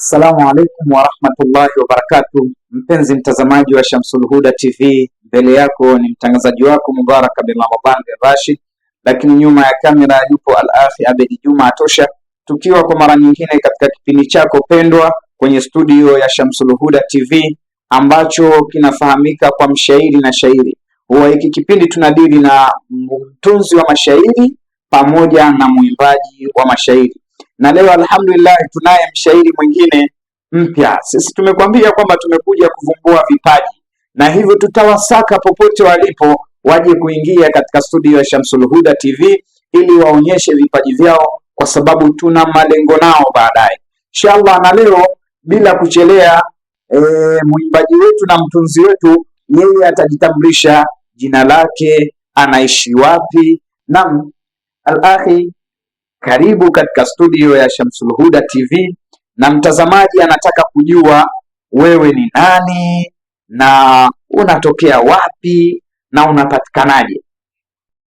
Assalamu alaikum warahmatullahi wabarakatu, mpenzi mtazamaji wa Shamsul Huda TV, mbele yako ni mtangazaji wako Mubaraka bin Ramadhan bin Rashid, lakini nyuma ya kamera yupo Alafi Abedi Juma Atosha, tukiwa kwa mara nyingine katika kipindi chako pendwa kwenye studio ya Shamsul Huda TV ambacho kinafahamika kwa mshairi na shairi. Huwa hiki kipindi tunadili na mtunzi wa mashairi pamoja na mwimbaji wa mashairi na leo alhamdulillah tunaye mshairi mwingine mpya. Sisi tumekwambia kwamba tumekuja kuvumbua vipaji, na hivyo tutawasaka popote walipo waje kuingia katika studio ya Shamsul Huda TV ili waonyeshe vipaji vyao, kwa sababu tuna malengo nao baadaye inshallah. Na leo bila kuchelea, e, mwimbaji wetu na mtunzi wetu yeye atajitambulisha jina lake, anaishi wapi, nam al-akhi karibu katika studio ya Shamsul Huda TV, na mtazamaji anataka kujua wewe ni nani na unatokea wapi na unapatikanaje?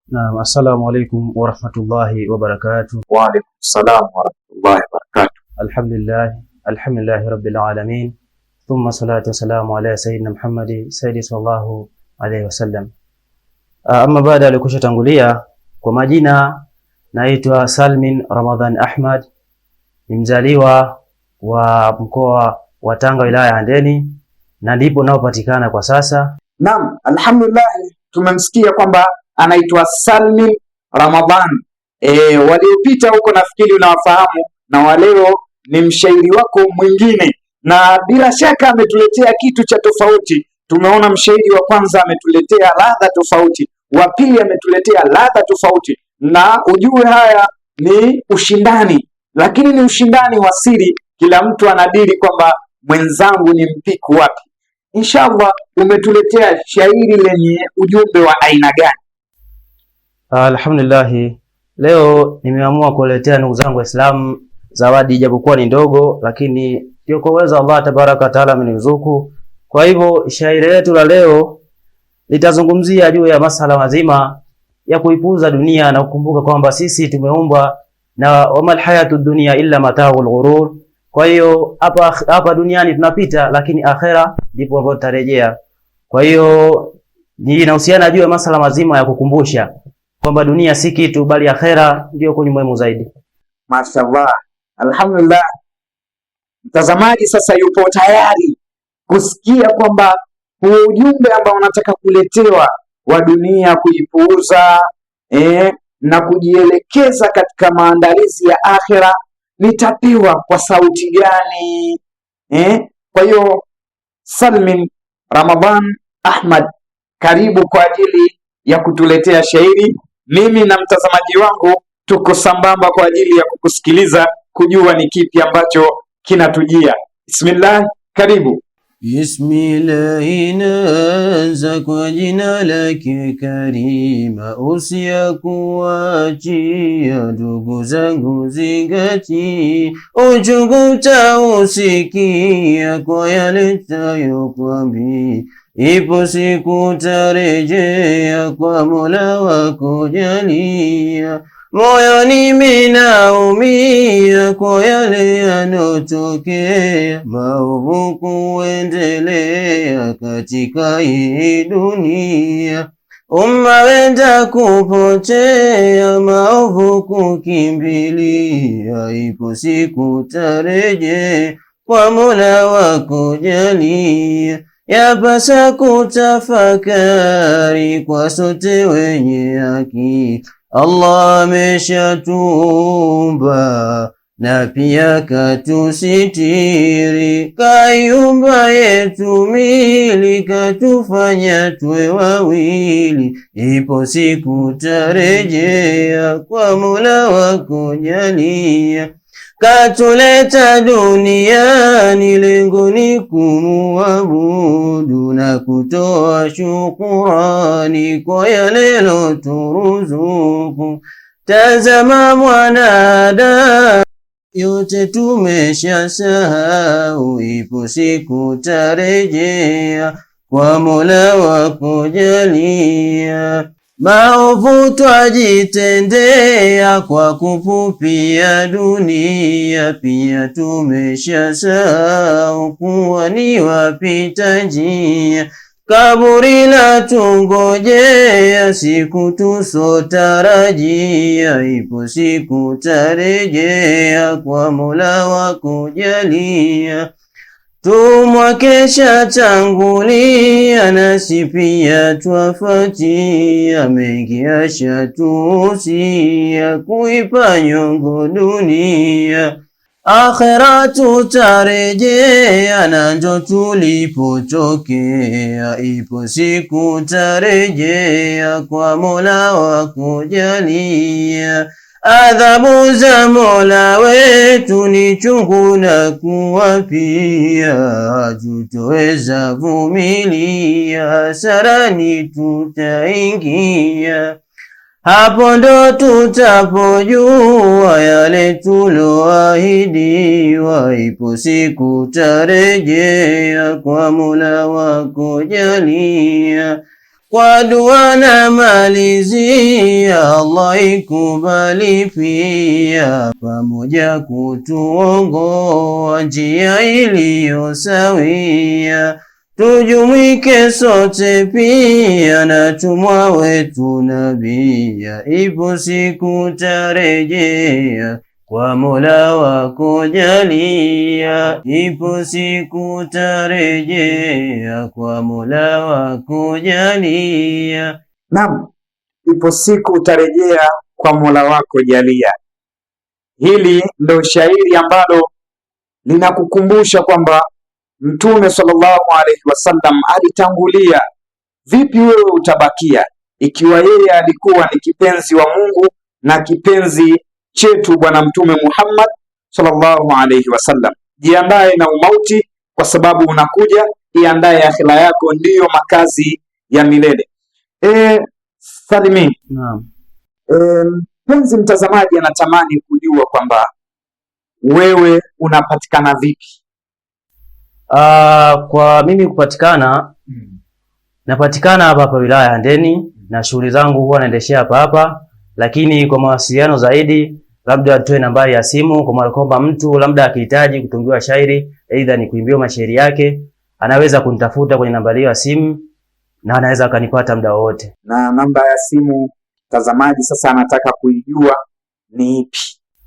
Naam, assalamu alaikum warahmatullahi wabarakatuh. Wa alaikum salam warahmatullahi wabarakatuh. Alhamdulillah, alhamdulillahi rabbil alamin thumma salatu wassalamu ala sayyidina Muhammadi sayyidi sallallahu alaihi wasallam. Ah, amma baada alikusha tangulia kwa majina Naitwa Salmin Ramadhan Ahmad, ni mzaliwa wa mkoa wa Tanga wilaya ya Handeni na ndipo naopatikana kwa sasa. Naam, alhamdulillah, tumemsikia kwamba anaitwa Salmin Ramadhan. E, waliopita huko nafikiri unawafahamu na waleo ni mshairi wako mwingine, na bila shaka ametuletea kitu cha tofauti. Tumeona mshairi wa kwanza ametuletea ladha tofauti, wa pili ametuletea ladha tofauti na ujue haya ni ushindani, lakini ni ushindani wa siri. Kila mtu anadili kwamba mwenzangu ni mpiku wapi. Inshallah, umetuletea shairi lenye ujumbe wa aina gani? Alhamdulillah, leo nimeamua kuletea ndugu zangu Waislamu zawadi, ijapokuwa ni ndogo, lakini ndio kwa uwezo Allah tabaraka wataala ameniruzuku. Kwa hivyo shairi letu la leo litazungumzia juu ya masala mazima ya kuipuuza dunia na kukumbuka kwamba sisi tumeumbwa na wamal hayatu dunia illa mataul ghurur. Kwa hiyo hapa hapa duniani tunapita, lakini akhera ndipo ambapo tutarejea. Kwa hiyo inahusiana juu ya masala mazima ya kukumbusha kwamba dunia si kitu, bali akhera ndio kwenye muhimu zaidi. Mashallah, alhamdulillah. Mtazamaji sasa yupo tayari kusikia kwamba huu ujumbe ambao unataka kuletewa wa dunia kuipuuza eh, na kujielekeza katika maandalizi ya akhira nitapewa kwa sauti gani eh? Kwa hiyo Salmin Ramadhan Ahmad, karibu kwa ajili ya kutuletea shairi. Mimi na mtazamaji wangu tuko sambamba kwa ajili ya kukusikiliza, kujua ni kipi ambacho kinatujia. Bismillah, karibu. Bismillahi, naanza kwa jina lake Karima, usia kuachia ndugu zangu zingati, uchungu utausikia kwa yale nitayokwambia. Ipo siku tarejea kwa Mola wako jalia moyoni minaumia kwa yale yanotokea, maovu kuendelea katika hii dunia, umma wenda kupotea, maovu kukimbilia, ipo siku tareje kwa Mola wako jalia yapasa kutafakari kwa sote wenye haki Allah ameshatuumba na pia katusitiri, kayumba yetu mili, katufanya twe wawili, ipo siku tarejea kwa Mola wako jalia katuleta duniani lengo ni kumuabudu na kutoa shukurani kwa yale loturuzuku. Tazama mwanadamu, yote tumeshasahau, ipo siku tarejea kwa Mola wako jalia Maovu twajitendea kwa kupupia dunia, pia tumeshasahau kuwa ni wapita njia. Kaburi la tungojea, siku tusotarajia, ipo siku tarejea, kwa Mola wakujalia. Tumwakesha tangulia, nasi pia twafuatia, mengi ashatuhusia, kuipa nyongo dunia. Akhera tutarejea, na ndo tulipotokea, ipo siku tarejea, kwa Mola wakujalia. Adhabu za Mola wetu ni chungu na kuwapia, hatutoweza vumilia, sarani tutaingia. Hapo ndo tutapojua yale tuloahidiwa, ipo siku tarejea kwa Mola wako jalia kwa dua na ya Allah ikubali pia, pamoja kutuongoa njia iliyo sawia, tujumuike sote pia, na tumwa wetu nabia, ipo siku tarejea kwa Mola wa kujalia, ipo siku tarejea, kwa Mola wa kujalia. Naam, ipo siku utarejea kwa Mola wako jalia. Hili ndo shairi ambalo linakukumbusha kwamba Mtume sallallahu alaihi wasallam alitangulia, vipi wewe utabakia? Ikiwa yeye alikuwa ni kipenzi wa Mungu na kipenzi chetu Bwana Mtume Muhammad sallallahu alaihi wasallam. Jiandae na umauti kwa sababu unakuja. Iandae akhira yako, ndiyo makazi ya milele. E, Salimi, naam. E, mpenzi e, mtazamaji anatamani kujua kwamba wewe unapatikana vipi? Uh, kwa mimi kupatikana hmm. Napatikana hapa hapa wilaya ya Handeni hmm. Na shughuli zangu huwa naendeshea hapa hapa lakini kwa mawasiliano zaidi, labda tutoe nambari ya simu, kwa maana kwamba mtu labda akihitaji kutungiwa shairi, aidha ni kuimbiwa mashairi yake, anaweza kunitafuta kwenye namba hiyo ya simu na anaweza akanipata muda wowote. Na namba ya simu, mtazamaji sasa anataka kuijua ni ipi?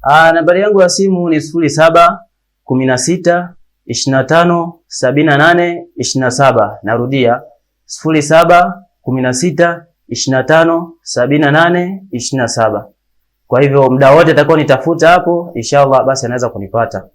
Ah, nambari yangu ya simu ni sifuri saba kumi na sita ishirini na tano sabini na nane ishirini na saba. Narudia sifuri saba kumi na sita ishirini na tano sabini na nane ishirini na saba. Kwa hivyo muda wote atakao nitafuta hapo, inshallah basi anaweza kunipata.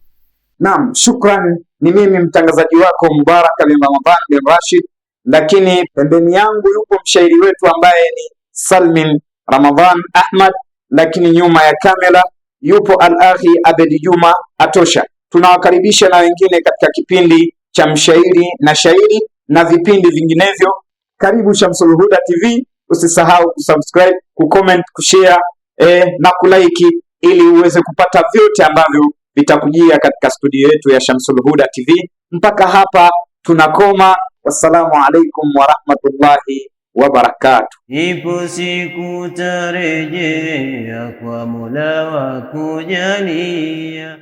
Naam, shukran. Ni mimi mtangazaji wako Mubarak bin Ramadan bin Rashid, lakini pembeni yangu yupo mshairi wetu ambaye ni Salmin Ramadhan Ahmad, lakini nyuma ya kamera yupo al-akhi Abedi Juma Atosha. Tunawakaribisha na wengine katika kipindi cha mshairi na shairi na vipindi vinginevyo. Karibu Shamsul Huda TV usisahau kusubscribe, kucomment, kushare eh, na kulike ili uweze kupata vyote ambavyo vitakujia katika studio yetu ya Shamsul Huda TV. Mpaka hapa tunakoma. Wassalamu alaikum warahmatullahi wabarakatu Ipo siku tarejea kwa Mola wa kujalia.